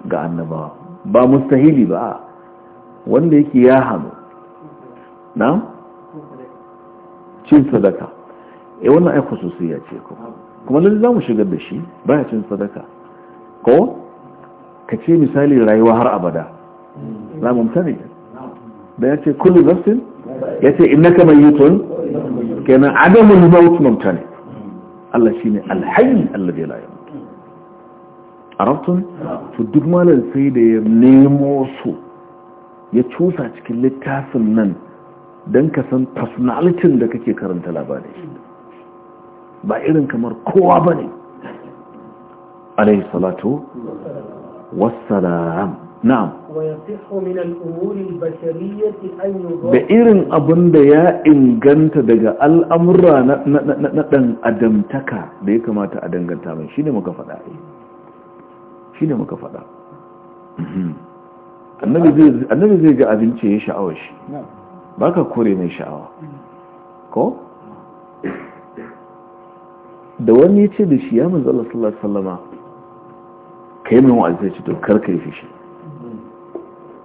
ga annabawa ba mustahili ba wanda yake ya hannu na cin sadaka e wannan sosai ya ce kuma kuma nan za mu shigar da shi baya cin sadaka ko ka ce misali rayuwa har abada za mu mutane da ya ce kullu nafsin ya ce innaka mayyitun kenan adamul maut mumtani Allah shine alhayy alladhi la yamut arabtun to duk malam sai da ya nemo su ya cusa cikin littafin nan don ka san personality da kake karanta labarai. ba irin kamar kowa ba ne alaihi salatu wassalam na'am da irin abin da ya inganta daga al'amura na ɗan adamtaka da ya kamata a danganta mai shi ne muka faɗa shi ne muka faɗa mhm. annabi zai ga abinci ya sha'awar shi ba ka kore mai sha'awa ko? da wani ya ce da shi ya manzo Allah sallallahu alaihi wasallama kai min wa'azi ce to kar kai fishi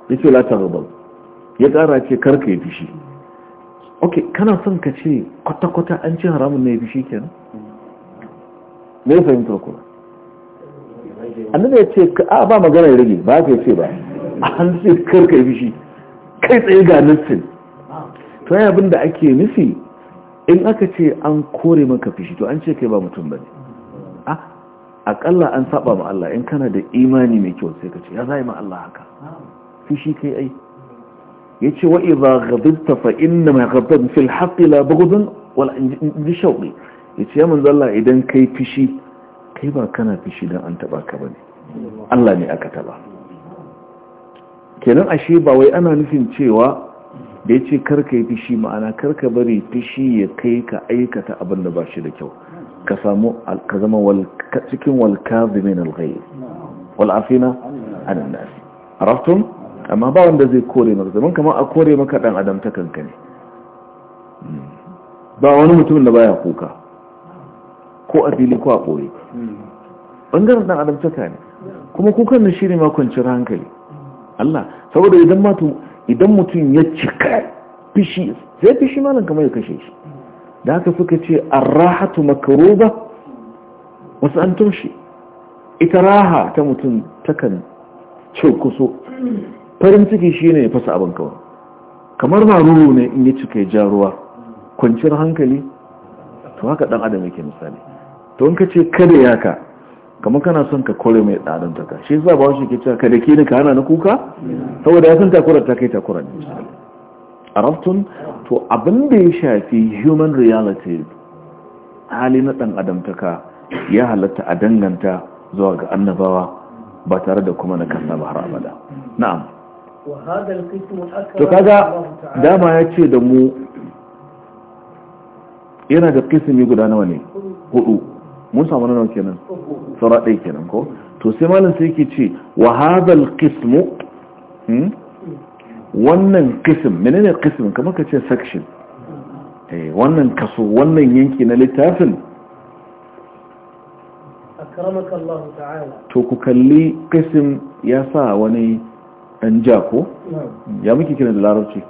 yace la taghadab ya kara ce kar kai fishi okay kana son ka ce kwata kwata an ci haramun ne fishi kenan me ya fahimta ku annabi ya ce a ba magana ya rage ba ka ce ba an ce kar kai fishi kai tsaye ga nassin to ya abin da ake nufi in aka ce an kore maka fishi to an ce kai ba mutum bane a akalla an saba ma Allah in kana da imani mai kyau sai ka ce ya zai ma Allah haka fishi kai ai yace wa idha ghadabta fa inna ma ghadab fil haqqi la bughdun wala bi shawqi yace ya manzo Allah idan kai fishi kai ba kana fishi dan an taba ka bane Allah ne aka taba kenan ashe ba wai ana nufin cewa da ya ce karka yi fishi ma'ana karka bari fishi ya kai ka aikata abin da ba shi da kyau ka samu ka zama cikin walkazimin alghayi wal'afina anan nasi araftun amma ba wanda zai kore maka zaman kamar a kore maka dan adam ta kanka ne hmm. ba wani mutum da baya kuka ko a fili ko a ɓoye ɓangaren dan adam ta ne kuma kukan na shi ne cin hankali Allah saboda idan matu. idan mutum ya cika fishi sai fishi malam kamar ya kashe shi da haka suka ce arrahatu makaruba wasu an tumshi ita raha ta mutum takan ce kuso farin ciki shine ya fasa abin kawai kamar maruru ne in ya cika ya ja ruwa kwanciyar hankali to haka dan adam yake misali to in ka ce kada yaka kamar kana son ka kore mai tsarin taka shi za ba shi ke cewa ka dake ni ka hana na kuka saboda ya san takurar ta kai takurar ne a raftun to abin da ya shafi human reality hali na dan adam taka ya halatta a danganta zuwa ga annabawa ba tare da kuma na kasa ba har abada na'am to kaga dama ya ce da mu yana da kisimi guda nawa ne hudu mun samu nawa kenan saura ɗaya kenan ko to sai malam sai yake ce wa hadal qismu hmm? wannan qism menene qism kamar ka ce section eh wannan kaso wannan yanki na littafin akramaka Allah ta'ala to ku kalli qism ya sa wani dan ko? ya muke kiran da larabci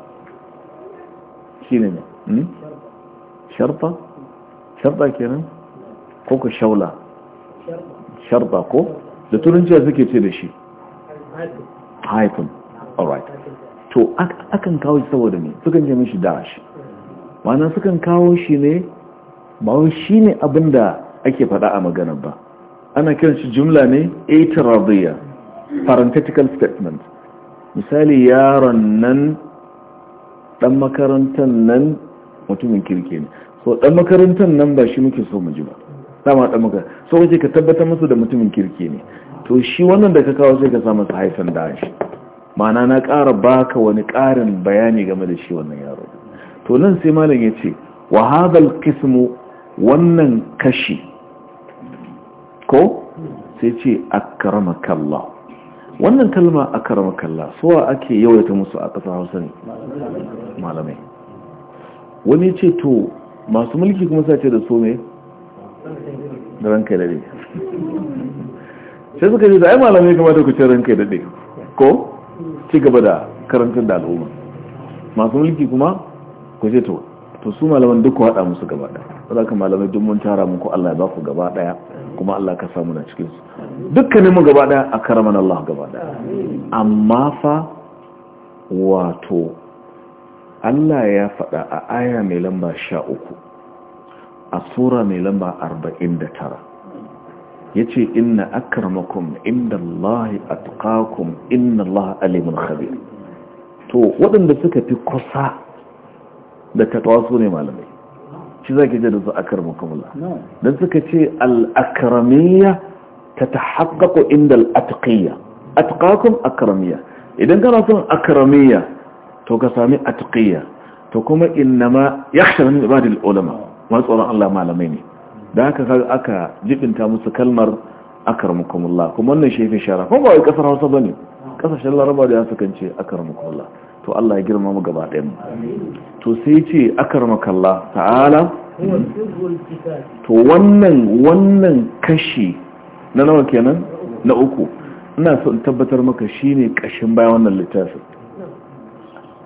shine ne hmm? sharta sharta kenan ko ka shaula sharda ko da turanci suke ce da shi hyphen alright to akan kawo shi saboda ne sukan ce mishi dash Mana sukan kawo shi ne ba shi ne abinda da ake faɗa a magana ba ana kiran shi jumla ne itiradiyya parenthetical statement misali yaron nan dan makarantar nan mutumin kirki ne so dan makarantar nan ba shi muke so mu ji ba sama da maka so kace ka tabbatar musu da mutumin kirki ne to shi wannan da ka kawo sai ka samu haifan da shi ma'ana na ƙara baka wani ƙarin bayani game da shi wannan yaro to nan sai malam ya ce wa hadal qismu wannan kashi ko sai ce kalla wannan kalma akramakallah suwa ake yawaita musu a ƙasar Hausa ne malamai wani ce to masu mulki kuma sace da su me. da ranka da dai sai suka ji da ai malamai kamata ku ce ranka da dai ko ci gaba da karantar da al'umma masu mulki kuma ku ce to to su malaman duk ku haɗa musu gaba ɗaya za ka malamai duk mun tara muku Allah ya ba ku gaba ɗaya kuma Allah ka samu na cikin su dukkanin mu gaba ɗaya a karaman Allah gaba ɗaya amma fa wato Allah ya faɗa a aya mai lamba sha uku a sura mai lamba 49 ya ce inna akarmakum inda Allah atqakum inna Allah alimun khabir to waɗanda suka fi kusa da takawa su ne malamai shi za ki jada su akarmakum Allah don suka ce al'akaramiyya ta ta haƙaƙo inda al'atqiyya atqakum akaramiyya idan kana son akaramiyya to ka sami atqiyya to kuma ma ya shi ulama matsoron Allah malamai ne da haka aka jibinta musu kalmar akarmukumullah kuma wannan shi yake shara kuma ba wai kasar Hausa bane kasashen Laraba da suka ce akarmukumullah to Allah ya girma mu gaba to sai ce akarmakallah ta'ala to wannan wannan kashi na nawa kenan na uku ina so in tabbatar maka shine kashin bayan wannan littafin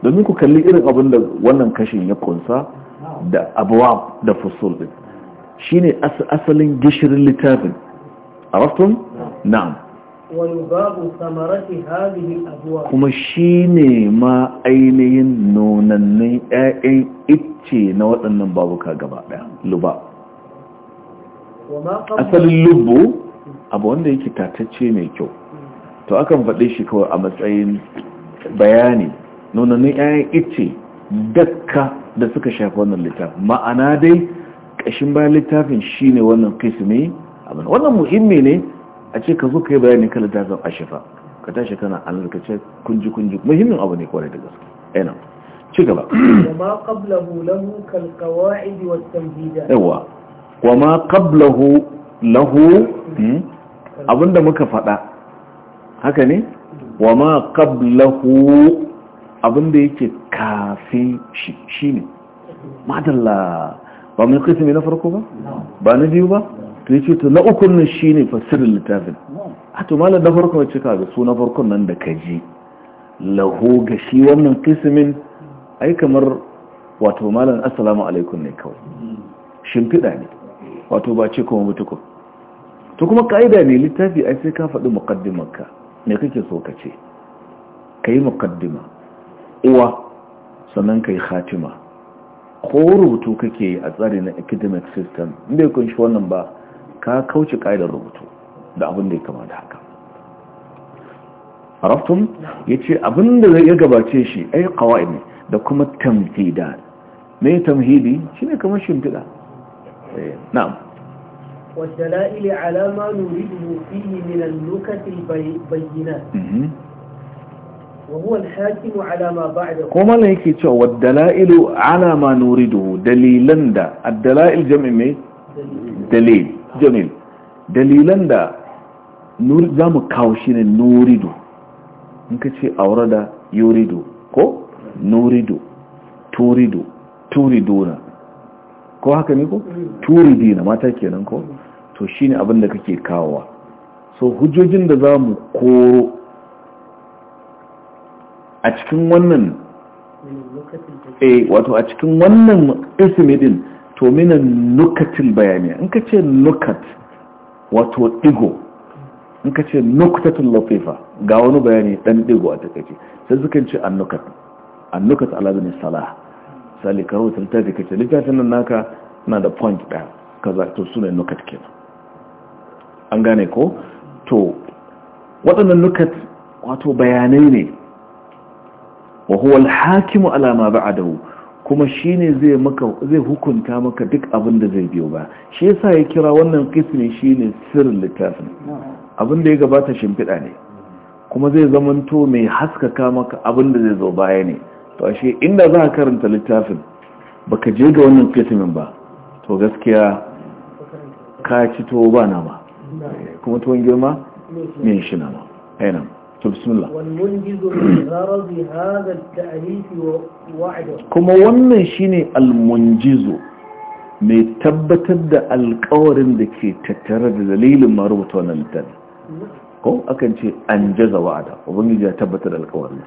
domin ku kalli irin abin da wannan kashin ya kunsa da abuwa da fusul din shi ne asalin gishirin littafin a rastun na'am kuma shi ne ma ainihin nonannin 'ya'yan ice na waɗannan babuka gaba ɗaya luba asalin lubu abu wanda yake tatacce mai kyau to akan faɗe shi kawai a matsayin bayani nonannin 'ya'yan icce dakka da suka shafi wannan littafin ma'ana dai ƙashin bayan littafin shi ne wannan kismi abin wannan muhimmi ne a ce ka zo ka yi bayani kan littafin ashifa ka tashi kana alarkace kunji kunji muhimmin abu ne kwarai da gaske eh, ainihin ci gaba wama qablahu lahu kal yawa qablahu lahu hmm? abinda muka faɗa haka ne wa ma qablahu abinda yake kafin shi ne madalla ba mai kai mai na farko ba ba na biyu ba to yace to na ukun nan ne fasirin littafin a to malam na farko wacce ka ga su na farkon nan da ji laho ga shi wannan kismin ai kamar wato malam assalamu alaikum ne kawai shimfiɗa ne wato ba ce kuma mutuku to kuma ka'ida ne littafi ai sai ka faɗi muqaddimarka me kake so ka ce Ka yi muƙaddima. uwa sannan kai khatima ko rubutu kake yi a tsari na academic system inda ya kunshi wannan ba ka kauce ƙa'idar rubutu da abin da ya kama da haka raftun ya ce abin da zai ya gabace shi ai kawai ne da kuma tamhida mai tamhidi shi ne kamar shimfiɗa eh, na'am wasu alama nuridu fiye minan lokacin bayyana mm-hmm. وهو الحاكم على ما بعده كما لا يكي تشو والدلائل على ما نريده دليلا دا الدلائل جمع مي دليل جميل دليلا دا نور زامو كاوشين نريده da تشي اوردا يريده كو نريده تريده تريدونا ko haka ne ko turidina mata kenan ko to shine abin da kake kawowa so hujjojin da za mu koro a cikin wannan eh wato a cikin wannan isimidin to minan nukatil bayaniya in ka ce nukat wato digo in ka ce nuktatun latifa ga wani bayani dan digo a takaice sai sukan ce annukat annukat ala bin salah sali karo tiltafi kace littafin nan naka na da point daya kaza to sune nukat kenan an gane ko to waɗannan nukat wato bayanai ne wa huwa al-hakimu ala ma ba'dahu kuma shine zai maka zai hukunta maka duk abin da zai biyo ba shi yasa ya kira wannan kismi shine sirrin litafin abin da ya gabata shimfiɗa ne kuma zai zamanto mai haskaka maka abin da zai zo baya ne to ashe inda za ka karanta littafin baka je ga wannan kismin ba to gaskiya ka ci to ba nama kuma tuwon girma ne shi nama ainihin kuma wannan shine almunjizu mai tabbatar da alkawarin da ke tattare da dalilin marubuta wannan littafin ko akan ce an jaza wa'ada ubangiji ya tabbatar da alkawarin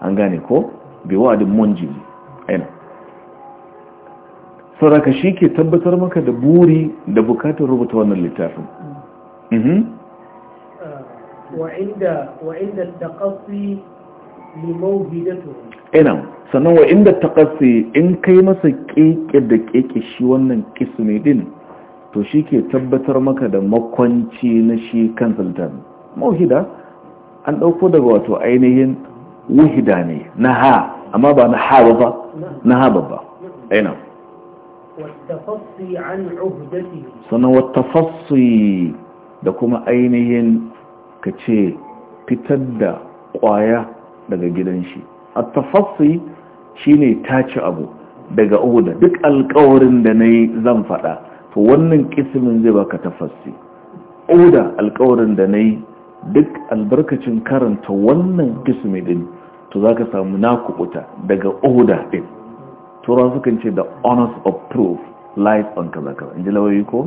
an gane ko bai wa'adin munjizi aina saraka shi ke tabbatar maka da buri da bukatar rubuta wannan littafin mhm. وعند وعند التقصي لموهدته ina sannan wa inda takassi in kai masa keke da keke shi wannan kismi to shi ke tabbatar maka da makwanci na shi kansultan mauhida an ɗauko daga wato ainihin wuhida ne na ha amma ba na ha ba na ha babba aina sannan wata fassi da kuma ainihin ka ce fitar da ƙwaya daga gidan shi a tafassi shi ne taci abu daga oda duk alkawarin da na yi zan faɗa to wannan kismin zai baka tafassi oda alkawarin da na yi duk albarkacin karanta wannan ƙismi din to za ka samu na kubuta daga oda din tura sukan ce the honors of proof life on kaza kaza in ji lawayi ko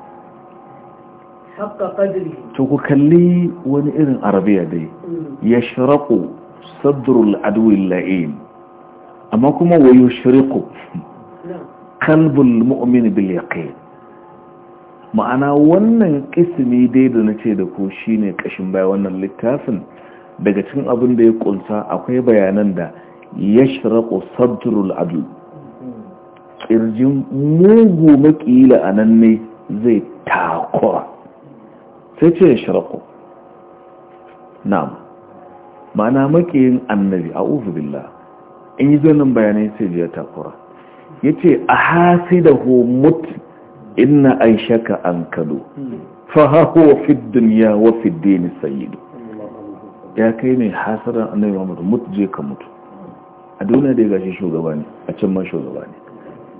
to ku kalli wani irin arabiya dai mm. ya shiraku sadrul adwil la'in amma kuma wayo shiriku kalbul mu'min bil yaqin ma'ana wannan kismi dai da na ce da ku shine kashin baya. wannan littafin daga cikin abin da ya kunsa akwai bayanan da yashraku sadrul adwil mm. kirjin mugu makila anan ne zai takura sai ce na'am ma'ana makiyin annabi a billah in yi zonin bayanai sai jiya takura ya ce a hasi da homut ina an shaka an kado fahaho fi duniya wa fi dini ya kai ne hasarar annabi wa mutu je ka mutu a duniya da ya gashi shugaba ne a can ma shugaba ne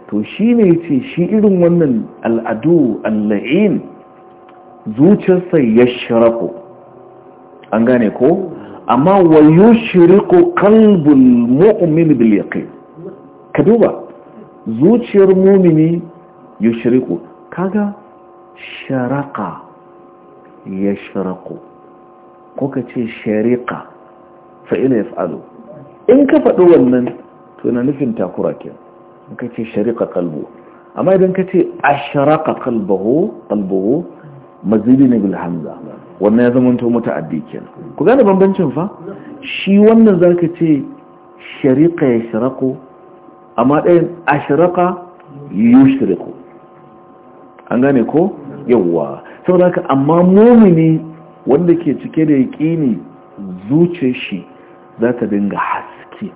to shi ne ce shi irin wannan al'adu alla'in zuciyarsa ya shiraku an gane ko amma wayo yushriqu qalbul mu'min bil yaqin ka duba zuciyar mumini shiriku, kaga sharaqa yashraqu ko kace shariqa ya fa'alu in ka faɗi wannan to na nufin takura ke in ce shariqa kalbu. amma idan kace ashraqa qalbuhu qalbuhu mazili ne bil hamza wannan ya zamanto muta'addi kenan ku gane bambancin fa shi wannan zaka ce shariqa yashraqu amma ɗayan ashraqa yushriqu an gane ko yawa saboda haka amma mumini wanda ke cike da yaqini zuciyar shi za ta dinga haske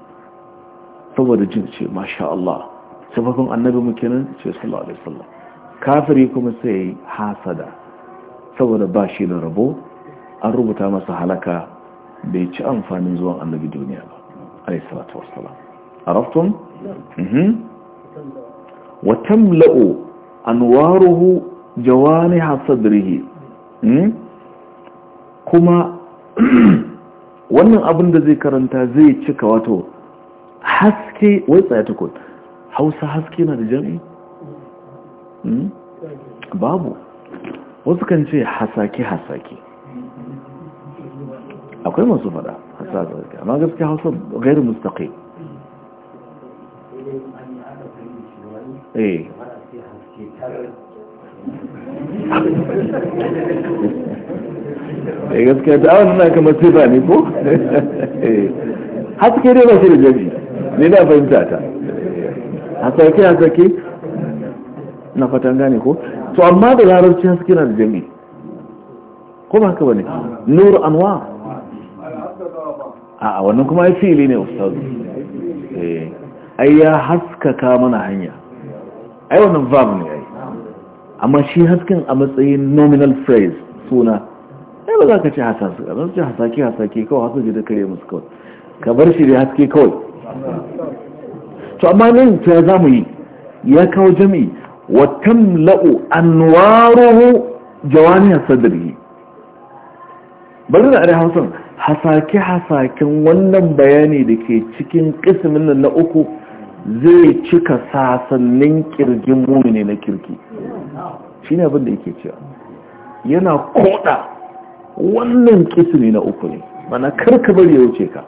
saboda jin ce masha Allah sababin annabi mu kenan ce sallallahu alaihi wasallam kafiri kuma sai hasada saboda ba shi da rabo an rubuta masa halaka bai ci amfanin zuwan annabi duniya ba alayhi salatu wassalam araftum mhm wa tamla'u anwaruhu jawaniha sadrihi hmm? kuma wannan abin da zai karanta zai cika wato haske wai hausa haske na da jami'i hmm? babu wasu kan ce hasake-hasake akwai masu fada hasake amma gaskiya hausa gairu mustaƙi eh, eh da gaskiya da awon suna kamar sifa ne ko? Eh. haske dai ba shi da jami ne na fahimta ta hasake hasake na fatan gane ko to amma da larabci haske na da jami ko ba haka ba ne nuru anwa a wannan kuma ya fili ne ustazu eh, ai ya haskaka mana hanya ai wannan verb ne ai amma shi hasken a matsayin nominal phrase suna ai ba za ka ce hasaki ba za ce hasake-hasake. kawai hasu ji da kare musu kawai ka bar shi da haske kawai to amma nan ta za mu yi ya kawo jami'i wa tamla'u anwaruhu jawaniha sadrihi bari da arewa hausan hasake hasaken wannan bayani da ke cikin kismin nan na uku zai cika sasannin kirgin ne na kirki shine abin da yake cewa yana koda wannan kismi na uku ne mana karka bari ya wuce ka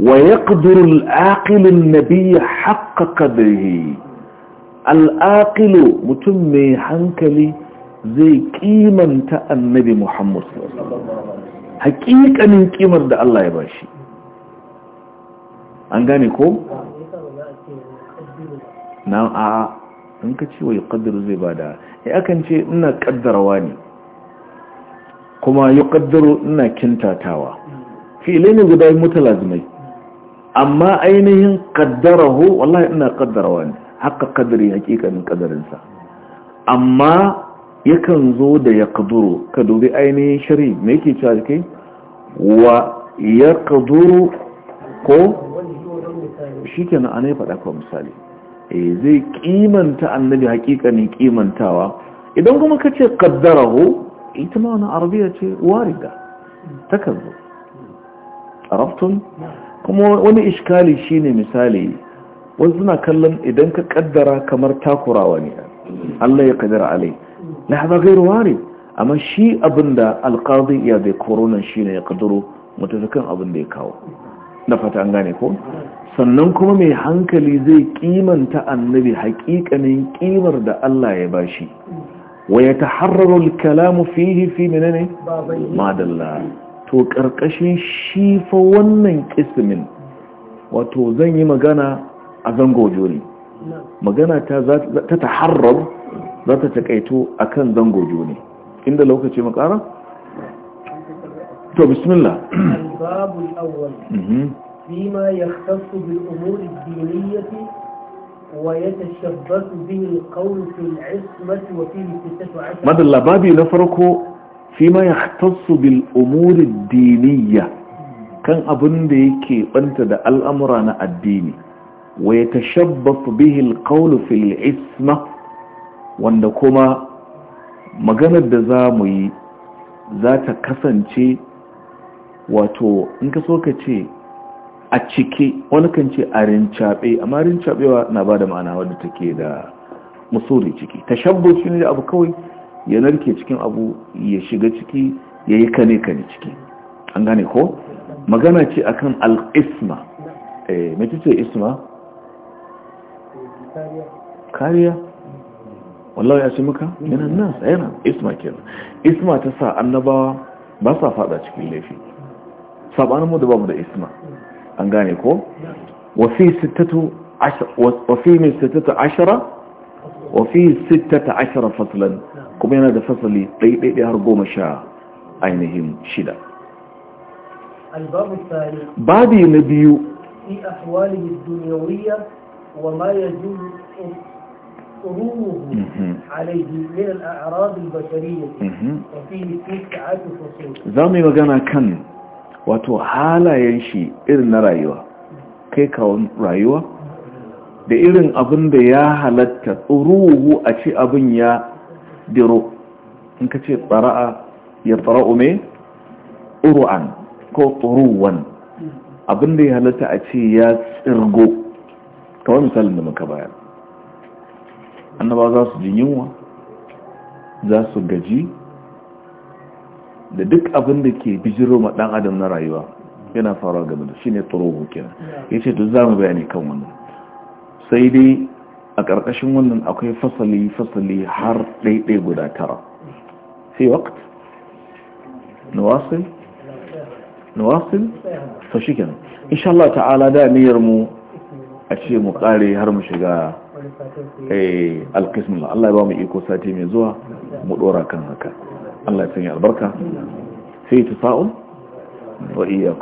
wa yaqdiru al-aqil an-nabiy haqqa yi. al'aƙilo mutum mai hankali zai kimanta annabi muhammad haƙiƙanin kimar da Allah ya ba shi an gane ko? na a in ka ce wai zai ba da ya eh, akan ce ina ƙaddarawa ne kuma yi ƙaddaro ina kintatawa fili ne guda mutalazimai amma ainihin ƙaddarahu wallahi ina ƙaddarawa ne haka kadari hakikanin kadarinsa amma yakan zo da ya kaduru ka dubi ainihin shari mai ke cikin wa ya kaduru ko shi ke na'ana ya faɗa kawai misali eh, zai kimanta annabi hakikanin kimantawa idan kuma ka ce kaddarahu ita ma wani arabiya ce ta takan zo araftun kuma wani iskali shine misali wasu suna kallon idan ka kaddara kamar takurawa ne Allah ya kadara alai na haɗa gairu ware amma shi abin da alƙazin iya zai koronan shi ne ya kaddaro matafikan abin da ya kawo na fata an gane ko sannan kuma mai hankali zai kimanta annabi haƙiƙanin kimar da Allah ya bashi Wa ya ta hararar kalamu fihi fi mina ne? madalla to ƙarƙashin shifa wannan ƙismin wato zan yi magana a zango jo magana ta ta harrab za ta takaito a kan zango jo ne inda lokaci makara? to bismillah babul awal mm-hmm. fima ya kasu bil umuri diniyati wa ya ta shabbatu bin kawrufin ismati wa fili fitattu ake madalla babi na farko fima ya kasu bil umuri diniya kan abinda da yake banta da al'amura na addini ويتشبط به القول في العصمة wanda kuma maganar da za mu yi za ta kasance wato in ka so ka ce a cike wani kan ce a rincaɓe amma rincaɓewa na ba da ma'ana wadda take da musuri ciki tashabbo shi ne abu kawai ya narke cikin abu ya shiga ciki ya yi kane kane ciki an gane ko magana ce akan al-isma mai ce isma kariya wallahi ya ce muka yana nasa. yana isma kenan isma ta sa annabawa ba sa fada cikin laifi saɓanin mu da bamu da isma an gane ko wafi sittatu wafi min ashara wafi sittatu ashara faslan kuma yana da fasali ɗaiɗaiɗai har goma sha ainihin shida babi na biyu في أحواله الدنيوية وما يجوز قروه عليه من الأعراض البشرية وفيه تسعة فصول زامي وقنا kan wato halayen shi irin na rayuwa kai kawon rayuwa da irin abin da ya halatta tsuruhu a ci abin ya diro in ka ce tsara'a ya tsara'u mai uru'an ko tsuruwan abin da ya halatta a ce ya tsirgo kawai misalin da muka bayar annaba za su ji yunwa za su gaji da duk abin da ke bijiro ma dan adam na rayuwa yana faruwa game da shi ne turohu kenan ya ce to za mu bayani kan wannan sai dai a ƙarƙashin wannan akwai fasali-fasali har ɗaiɗai guda tara sai wakt nawasin nawasil inshallah ta'ala da niyyar mu a ce mu kare har mu shiga eh, alkismila Allah ya ba mu iko sati mai zuwa mu ɗora kan haka Allah ya albarka sai ta sa'un wa